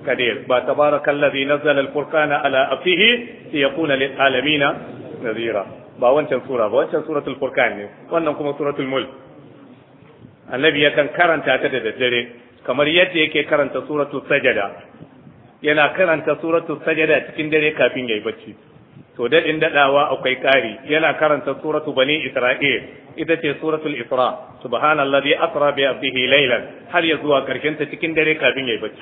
A: قدير تبارك الذي نزل الفرقان على عبده ليكون للعالمين نذيرا ba wancan sura ba wancan suratul furqan ne wannan kuma suratul mulk annabi yakan karanta ta da daddare kamar yadda yake karanta suratul sajada yana karanta suratul sajada cikin dare kafin yayi bacci to daɗin daɗawa akwai ƙari yana karanta suratu bani isra'il ita ce suratul isra subhanallazi asra bi abdihi laylan har ya zuwa ƙarshen ta cikin dare kafin yayi bacci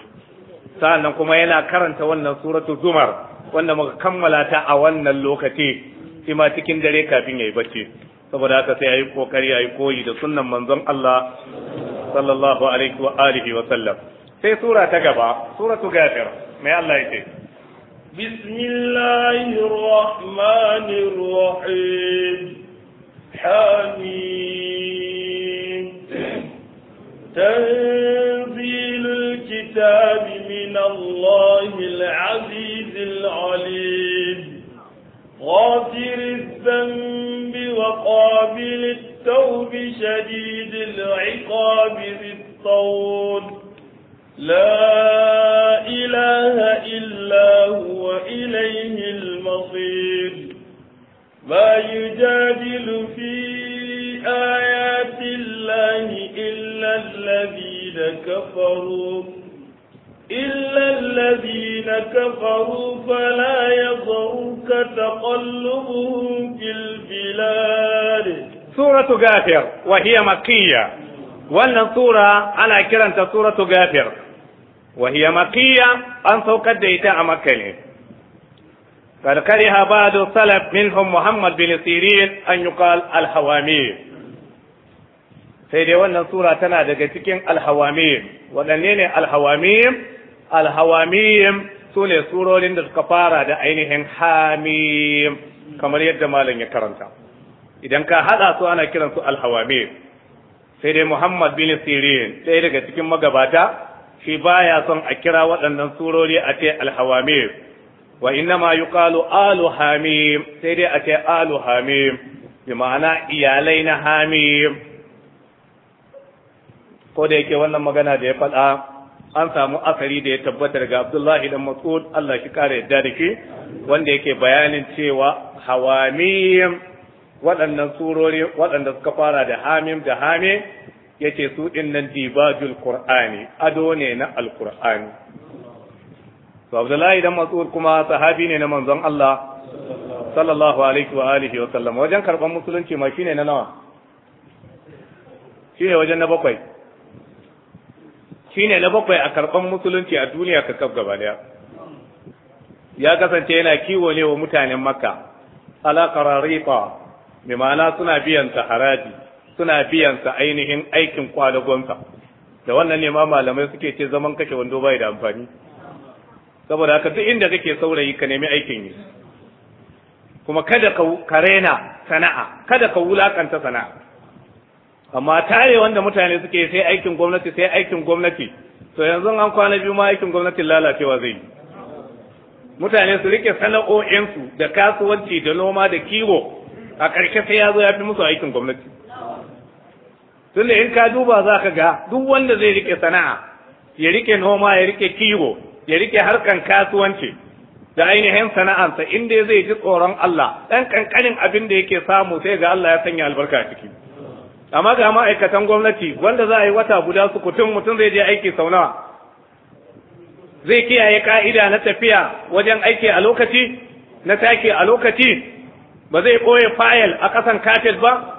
A: sa'annan kuma yana karanta wannan suratul zumar wanda muka kammala ta a wannan lokaci shi cikin dare kafin yayi bacci saboda haka sai ayi kokari ayi koyi da sunnan manzon Allah sallallahu alaihi wa alihi wa sallam sai sura ta gaba suratu gafir mai Allah yake
B: بسم الله الرحمن الرحيم حميم تنزيل الكتاب من الله العزيز العليم غافر الذنب وقابل التوب شديد العقاب بالطول لا إله إلا هو إليه المصير ما يجادل في آيات الله إلا الذين كفروا إلا الذين كفروا فلا يضرك تقلبهم في
A: البلاد سورة غافر وهي مكية وأن سورة على كرنت سورة غافر wa hiya makiyya an saukar da ita a makka ne kad kariha ba'du salaf minhum muhammad bin sirin an yuqal al sai dai wannan sura tana daga cikin al hawami ne al hawami al hawami surorin da suka fara da ainihin hamim kamar yadda malam ya karanta idan ka haɗa su ana kiransu al sai dai muhammad bin sirin ɗaya daga cikin magabata shi baya son a kira waɗannan surori a ce alhawamim wa innama yuqalu alu hamim sai dai a ce alu hamim bi ma'ana iyalai na hamim ko da yake wannan magana da ya faɗa an samu asari da ya tabbatar ga Abdullahi dan Mas'ud Allah shi kare yadda da shi wanda yake bayanin cewa hawamim waɗannan surori waɗanda suka fara da hamim da hamim yace su din nan dibajul qur'ani ado ne na alqur'ani to abdullahi dan mas'ud kuma sahabi ne na manzon Allah sallallahu alaihi wa alihi wa sallam wajen karban musulunci ma shine na nawa shine wajen na bakwai shine na bakwai a karban musulunci a duniya ka kaf gaba daya ya kasance yana kiwo ne wa mutanen makka ala qarariqa bi ma'ana suna biyan haraji suna biyan sa ainihin aikin kwadagonsa da wannan ne ma malamai suke ce zaman kake wando bai da amfani saboda haka duk inda kake saurayi ka nemi aikin yi kuma kada ka karena sana'a kada ka wulakanta sana'a amma tare wanda mutane suke sai aikin gwamnati sai aikin gwamnati to yanzu an kwana biyu ma aikin gwamnatin lalacewa zai yi mutane su rike sana'o'insu da kasuwanci da noma da kiwo a ƙarshe sai ya zo ya fi musu aikin gwamnati tunda in ka duba za ka ga duk wanda zai rike sana'a ya rike noma ya rike kiwo ya rike harkan kasuwanci da ainihin sana'arsa inda zai ji tsoron Allah ɗan ƙanƙanin abin da yake samu sai ga Allah ya sanya albarka ciki amma ga ma'aikatan gwamnati wanda za a yi wata guda su kutum mutum zai je aiki sau nawa zai kiyaye ka'ida na tafiya wajen aiki a lokaci na taki a lokaci ba zai ɓoye fayil a ƙasan kafet ba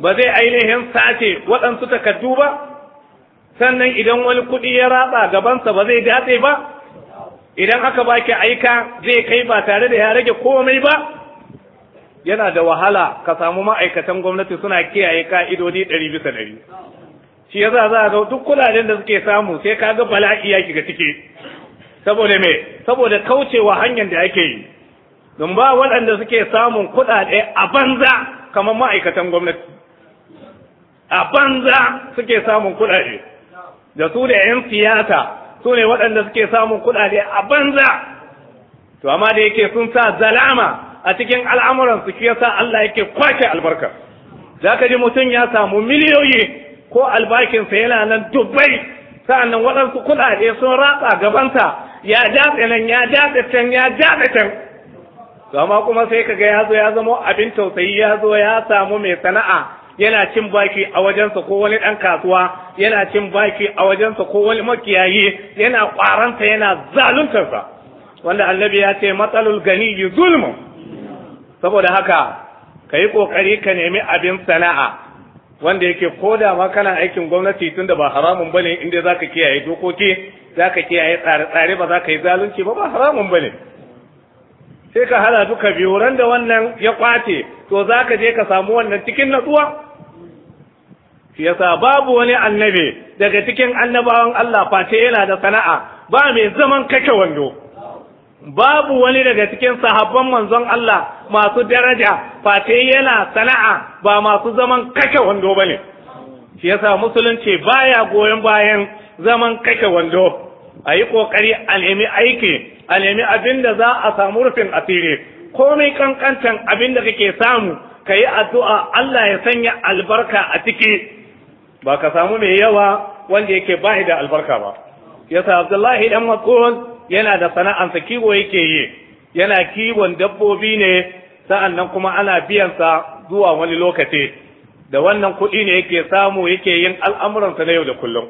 A: ba zai ainihin sace waɗansu takardu ba sannan idan wani kuɗi ya ratsa gabansa ba zai datse ba idan aka baki aika zai kai ba tare da ya rage komai ba yana da wahala ka samu ma'aikatan gwamnati suna kiyaye ka'idodi ɗari bisa ɗari shi yasa za ga duk kuɗaɗen da suke samu sai ka ga bala'i ya shiga ciki saboda me saboda kaucewa hanyar da ake yi don ba waɗanda suke samun kuɗaɗe a banza kamar ma'aikatan gwamnati a banza suke samun kuɗaɗe da su da 'yan siyasa su ne waɗanda suke samun kuɗaɗe a banza to amma da yake sun sa zalama a cikin su, shi yasa Allah yake kwace albarka za ka ji mutum ya samu miliyoyi ko albakinsa yana nan dubbai sa'annan waɗansu kuɗaɗe sun ratsa gabansa ya datse nan ya datse can ya datse can to amma kuma sai ka ga ya zo ya zama abin tausayi ya zo ya samu mai sana'a yana cin baki a wajensa ko wani ɗan kasuwa yana cin baki a wajensa ko wani makiyayi yana ƙwaranta yana zaluntarsa wanda annabi ya ce matsalul gani yi zulmun saboda haka ka yi ƙoƙari ka nemi abin sana'a wanda yake ko da ma kana aikin gwamnati tunda ba haramun bane inda za ka kiyaye dokoki za ka kiyaye tsare-tsare ba za ka yi zalunci ba ba haramun bane sai ka hada duka biyu ran da wannan ya kwace to za ka je ka samu wannan cikin natsuwa yasa babu wani annabi daga cikin annabawan Allah face yana da sana'a ba mai zaman kake wando babu wani daga cikin sahabban manzon Allah masu daraja face yana sana'a ba masu zaman kake wando bane shi yasa musulunci baya goyon bayan zaman kake wando ayi yi kokari a nemi aiki a nemi abin da za a samu rufin asiri komai kankantan abin da kake samu kayi addu'a Allah ya sanya albarka a ciki ba ka samu mai yawa wanda yake ba da albarka ba yasa abdullahi dan makon yana da sana'ansa kiwo yake yi yana kiwon dabbobi ne sa'annan kuma ana biyansa zuwa wani lokaci da wannan kuɗi ne yake samu yake yin al'amuransa na yau da kullum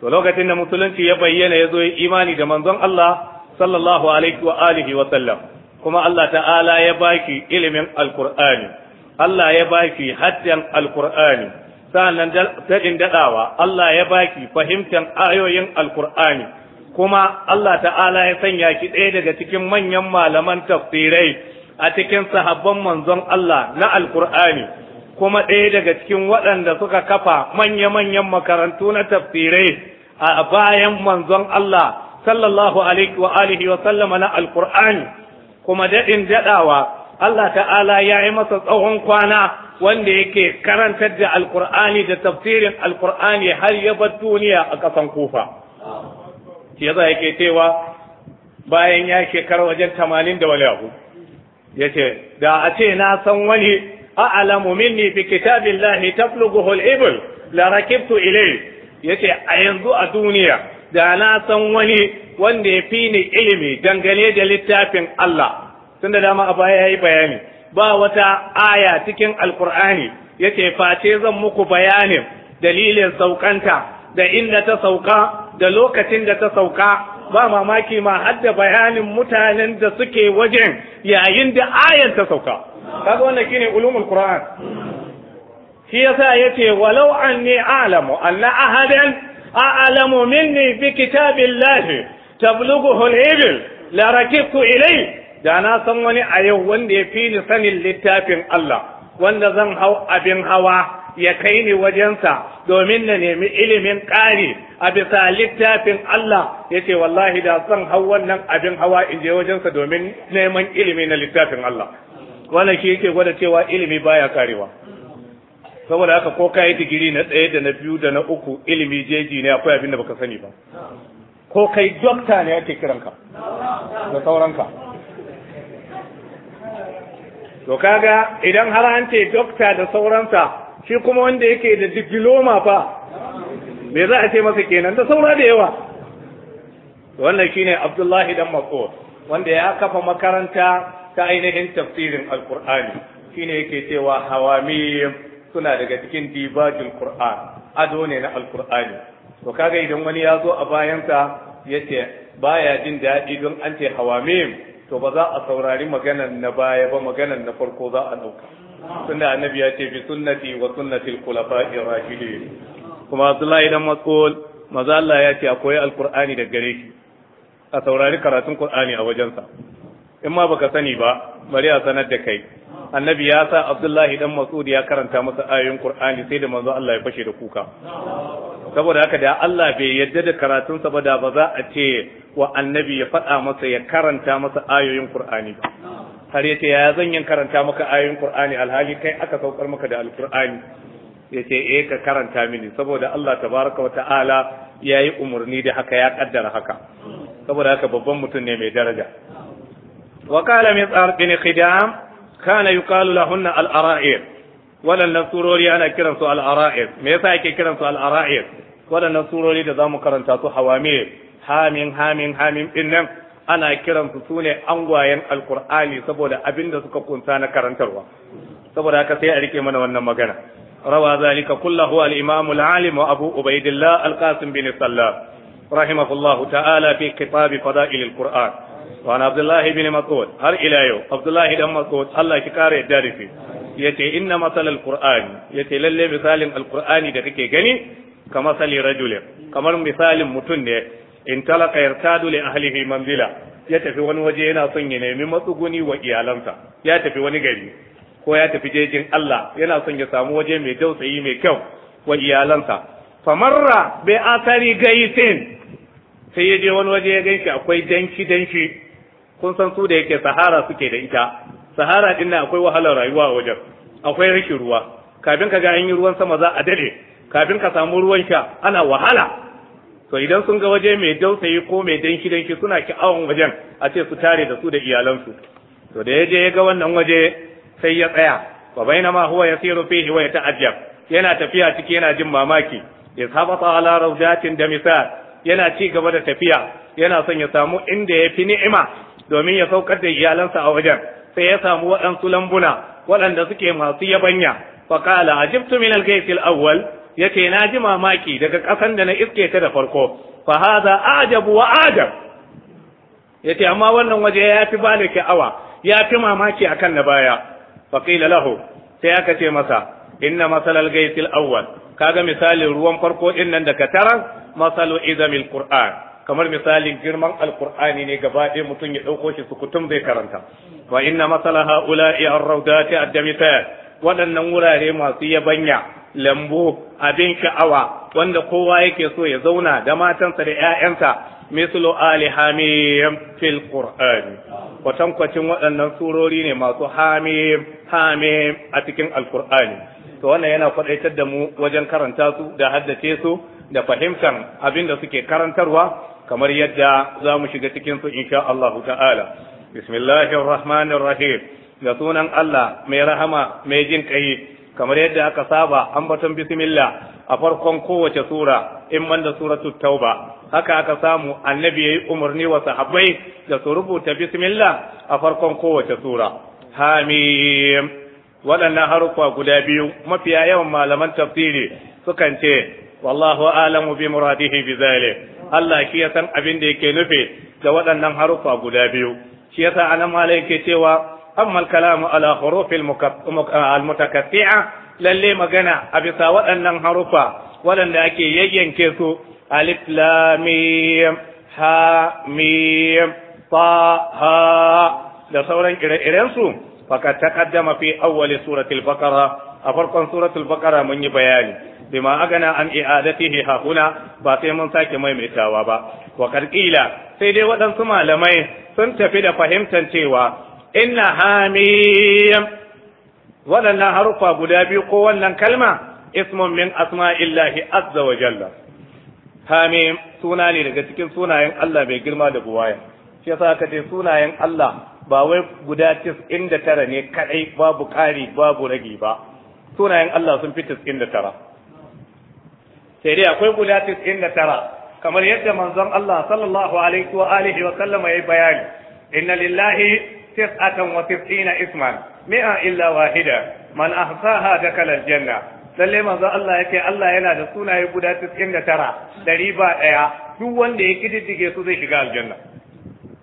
A: to lokacin da musulunci ya bayyana ya zo imani da manzon Allah sallallahu alaihi wa alihi wa sallam kuma Allah ta'ala ya baki ilimin alqur'ani Allah ya baki haddan alqur'ani sa'annan daɗin daɗawa Allah ya baki fahimtar ayoyin alkur'ani kuma Allah ta'ala ya sanya ki ɗaya daga cikin manyan malaman tafsirai a cikin sahabban manzon Allah na alkur'ani kuma ɗaya daga cikin waɗanda suka kafa manya-manyan makarantu na tafsirai a bayan manzon Allah sallallahu alaihi wa alihi wa sallama na alkur'ani kuma daɗin daɗawa Allah ta'ala ya yi masa tsawon kwana wanda yake karantar da alkur'ani da tafsirin alkur'ani har ya bar duniya a ƙasan kufa shi yasa yake cewa bayan ya shekara wajen tamanin da wani abu ya ce da a ce na san wani a'lamu minni fi kitabillahi tablughu ibl la rakibtu ilayhi yace a yanzu a duniya da na san wani wanda ya fi ni ilimi dangane da littafin Allah tunda dama a baya yayi bayani ba wata aya cikin alqur'ani yace face zan muku bayanin dalilin saukanta da inda ta sauka da lokacin da ta sauka ba mamaki ma hadda bayanin mutanen da suke wajen yayin da ayan ta sauka kaga wannan shine ulumul qur'an shi yasa yace walau anni a'lamu anna ahadan a'lamu minni bi kitabillah tablughu al-ibil la rakibtu ilayhi da na san wani a yau wanda ya fi ni sanin littafin Allah wanda zan hau abin hawa ya kai ni wajensa domin na nemi ilimin ƙari a bisa littafin Allah ya ce wallahi da zan hau wannan abin hawa in je wajensa domin neman ilimi na littafin Allah wannan shi yake gwada cewa ilimi baya karewa saboda haka ko kayi digiri na ɗaya da na biyu da na uku ilimi jeji ne akwai abin da baka sani ba ko kai dokta ne ake kiranka
C: da sauranka
A: to kaga idan har an ce dokta da sauransa shi kuma wanda yake da diploma fa me za a ce masa kenan da saura da yawa wannan shine Abdullahi dan wanda ya kafa makaranta ta ainihin tafsirin alqur'ani shine yake cewa hawami suna daga cikin dibajin qur'an ado ne na alqur'ani to kaga idan wani ya zo a bayansa yace baya jin daɗi don an ce hawamim to ba za a saurari maganan na baya ba maganan na farko za a dauka sunna annabi ya ce bi sunnati wa sunnati al-khulafa'i rashidin kuma Abdullahi dan Mas'ud maza Allah ya ce akwai alqur'ani da gare shi a saurari karatun qur'ani a wajensa in ma baka sani ba bari a sanar da kai annabi ya sa abdullahi dan mas'ud ya karanta masa ayoyin Kur'ani, sai da manzo Allah ya fashe da kuka saboda haka da Allah bai yadda da karatun sa ba da ba za a ce wa annabi ya faɗa masa ya karanta masa ayoyin Qur'ani ba har yace ya zan yin karanta maka ayoyin Kur'ani, alhali kai aka saukar maka da alqur'ani yace eh ka karanta mini saboda Allah tabaraka wa ta'ala yayi umurni da haka ya kaddara haka saboda haka babban mutum ne mai daraja wa qala mithar bin khidam kana yuqalu lahunna al waɗannan surori ana kiran su al me yasa ake kiran su al waɗannan surori da zamu karanta su hawamir hamin hamin hamin din nan ana kiran su sune angwayen alqur'ani saboda abin da suka kunsa na karantarwa saboda haka sai a rike mana wannan magana rawa zalika kullahu al-imam al-alim abu ubaidillah al-qasim bin sallam rahimahullahu ta'ala fi kitab fada'il al-qur'an wa an abdullahi bin mas'ud har ila yau abdullahi dan mas'ud Allah ki kara yadda da shi yace inna masalal ya ce lalle misalin alkur'ani da kake gani ka masali rajulin kamar misalin mutum ne in talaka yartadu li ahlihi manzila ya tafi wani waje yana son ya nemi matsuguni wa iyalansa ya tafi wani gari ko ya tafi jejin Allah yana son ya samu waje mai dausayi mai kyau wa iyalansa famarra bai asari gaisin sai ya je wani waje ya ganshi akwai danshi danshi kun san su da yake sahara suke da ita sahara din nan akwai wahalar rayuwa a wajen akwai rashin ruwa kafin ka ga an yi ruwan sama za a dade kafin ka samu ruwan sha ana wahala to idan sun ga waje mai dausayi ko mai danki danshi suna ki'awan wajen a ce su tare da su da iyalansu to da ya je ya ga wannan waje sai ya tsaya wa ma huwa yasiru fihi wa yata'ajjab yana tafiya ciki yana jin mamaki yashabata ala rawdatin da misal yana ci gaba da tafiya yana son ya samu inda ya fi ni'ima domin ya saukar da iyalansa a wajen sai ya samu waɗansu lambuna waɗanda suke masu yabanya faƙala ajibtu min al-gaysil awwal yace na ji mamaki daga ƙasan da na iske ta da farko fa hadha ajabu wa ajab yace amma wannan waje ya fi bani awa ya fi mamaki akan na baya faqila lahu sai aka ce masa inna masalal gaisil awwal kaga misalin ruwan farko din nan da kataran masalu idamil qur'an kamar misalin girman alkur'ani ne gaba ɗaya mutum ya ɗauko shi kutum zai karanta wa inna masala haula ya raudati addamita waɗannan wurare masu yabanya lambu abin sha'awa wanda kowa yake so ya zauna da matansa da 'ya'yansa mislu ali hamim fil qur'an kwatankwacin waɗannan surori ne masu hamim hamim a cikin alkur'ani to wannan yana faɗaitar da mu wajen karanta su da haddace su da fahimtar abin da suke karantarwa kamar yadda za mu shiga cikin su insha Allah ta'ala bismillahir rahmanir rahim da sunan Allah mai rahama mai jin kai kamar yadda aka saba ambaton bismillah a farkon kowace sura in manda suratu tauba haka aka samu annabi yayi umarni wa sahabbai da su rubuta bismillah a farkon kowace sura hamim waɗannan harufa guda biyu mafiya yawan malaman tafsiri sukan ce wallahu a'lamu bi muradihi bi zalik Allah shi ya san abin da yake nufi da waɗannan haruffa guda biyu shi yasa anan malai yake cewa amma kalamu ala hurufil mutakatti'a lalle magana a bisa waɗannan haruffa waɗanda ake yayyanke su alif lam ha mim ta ha da sauran ire-iren su faqad taqaddama fi awwal suratil baqara a farkon suratul baqara mun yi bayani bima agana an i'adatihi hahuna ba sai mun sake maimaitawa ba wa qila sai dai waɗansu malamai sun tafi da fahimtar cewa inna hamim waɗannan harufa guda biyu ko wannan kalma ismun min asma'illahi azza wa jalla hamim suna ne daga cikin sunayen Allah mai girma da buwaya shi yasa aka ce sunayen Allah ba wai guda 99 ne kadai babu kari babu rage ba sunayen Allah sun fi da tara. sai dai akwai guda tara. kamar yadda manzon Allah sallallahu alaihi wa alihi wa sallama yi bayani inna lillahi tis'atan wa tis'ina isman mi'a illa wahida man ta kalar janna. lalle manzon Allah yake Allah yana da sunaye guda tara dari ba ɗaya duk wanda ya kididdige su zai shiga aljanna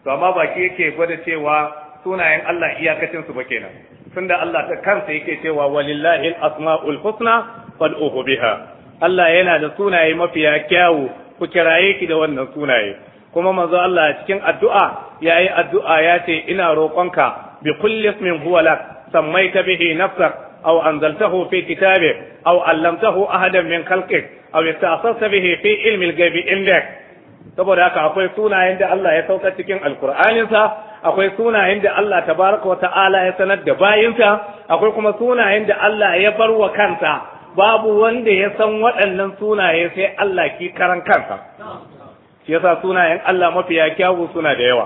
A: to amma baki yake gwada cewa sunayen Allah iyakacinsu su ba kenan tunda Allah ta kansa yake cewa walillahi asmaul husna fad'uhu biha Allah yana da sunaye mafiya kyawu ku kiraye ki da wannan sunaye kuma manzo Allah cikin addu'a yayi addu'a ya ce ina roƙonka bi kulli ismin huwa lak sammaita bihi nafsak aw anzaltahu fi kitabik aw allamtahu ahadan min khalqik aw ista'sarta bihi fi ilmi al-ghaibi indak saboda haka akwai sunayen da Allah ya sauka cikin alkur'aninsa akwai sunayen da Allah tabaraka wa ta'ala ya sanar da bayinsa akwai kuma sunayen da Allah ya bar wa kansa babu wanda ya san waɗannan sunaye sai Allah ki karan kansa shi yasa sunayen Allah mafiya kyawu suna da yawa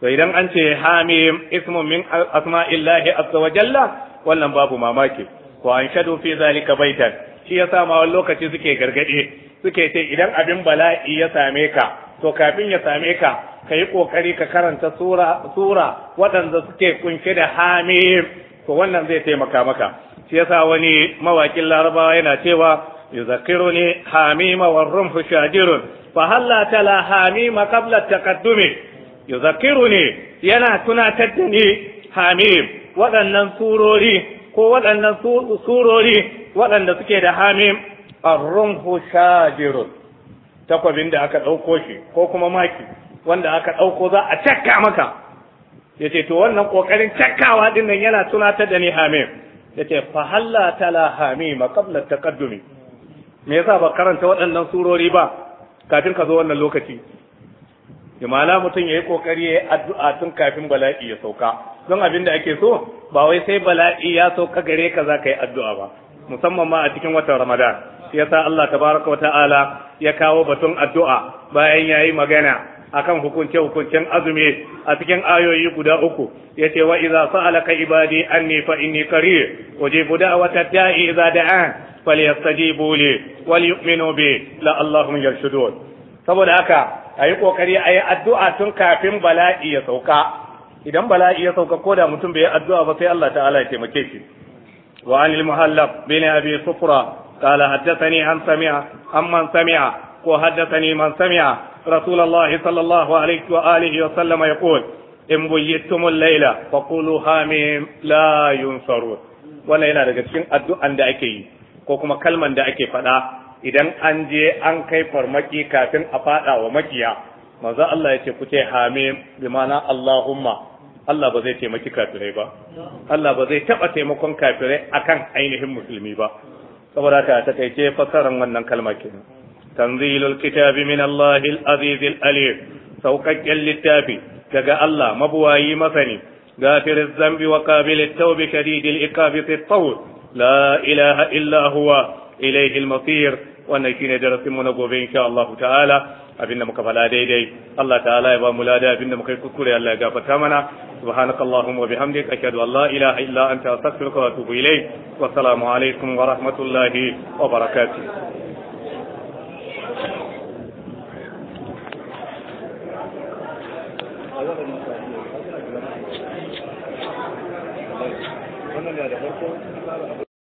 A: to idan an ce hamim ismun min asma'illahi azza jalla wannan babu mamaki Ko an shadu fi zalika baitan shi yasa ma wani lokaci suke gargade suke ce idan abin bala'i ya same ka to kafin ya same ka ka yi ƙoƙari ka karanta sura waɗanda suke kunshe da hamim to wannan zai taimaka maka shi yasa wani mawakin larabawa yana cewa yuzakkiruni hamima war rumhu shadirun fa halla tala hamima qabla taqaddumi yuzakkiruni yana tunatar da ni hamim waɗannan surori ko waɗannan surori waɗanda suke da hamim ar-rumhu takwabin da aka ɗauko shi ko kuma maki wanda aka ɗauko za a cakka maka ya ce to wannan ƙoƙarin cakkawa ɗin nan yana tunatar da ni hamim ya ce halla tala hamima qabla taqaddumi me yasa ba karanta waɗannan surori ba kafin ka zo wannan lokaci imana mutum ya yi ƙoƙari ya yi addu'a tun kafin bala'i ya sauka don abin da ake so ba wai sai bala'i ya sauka gare ka za ka yi addu'a ba musamman ma a cikin watan ramadan ya yasa Allah tabaraka wata'ala ya kawo batun addu'a bayan yayi magana akan hukunce hukuncen azumi a cikin ayoyi guda uku yace wa idza sa'alaka ibadi anni fa inni qareeb ujibu da'wata da'i idza da'an falyastajibu li walyu'minu bi la'allahum yarshudun saboda haka ayi kokari ayi addu'a tun kafin bala'i ya sauka idan bala'i ya sauka ko da mutum bai yi addu'a ba sai Allah ta'ala ya taimake shi wa anil muhallab bin abi sufra قال حدثني عن سمع عمن سمع وحدثني من سمع رسول الله صلى الله عليه وآله وسلم يقول إن بيتم الليلة فقولوا حاميم لا ينصرون wannan yana daga cikin addu'an da ake yi ko kuma kalman da ake faɗa idan an je an kai farmaki kafin a faɗa wa makiya manzo Allah yace ce ku ce hamim bi Allah ba zai taimaki kafirai ba Allah ba zai taɓa taimakon kafirai akan ainihin musulmi ba saboda ka ta kai takaice fasaran wannan kalma ke tanzilul kitabi min Allahil azizil alim saukakken littafi daga Allah mabuwayi masani zambi wa qabil at-tawbi التوب شديد العقاب في la ilaha illa huwa ilayhi al-masir wannan shine darasin mu na gobe insha Allah ta'ala abinda muka fada daidai Allah ta'ala ya ba mu ladai abinda muka yi kuskure Allah ya gafarta mana subhanakallahumma wa bihamdika ashhadu an la ilaha illa anta astaghfiruka wa atubu ilayk wa assalamu alaikum wa rahmatullahi wa barakatuh
C: wannan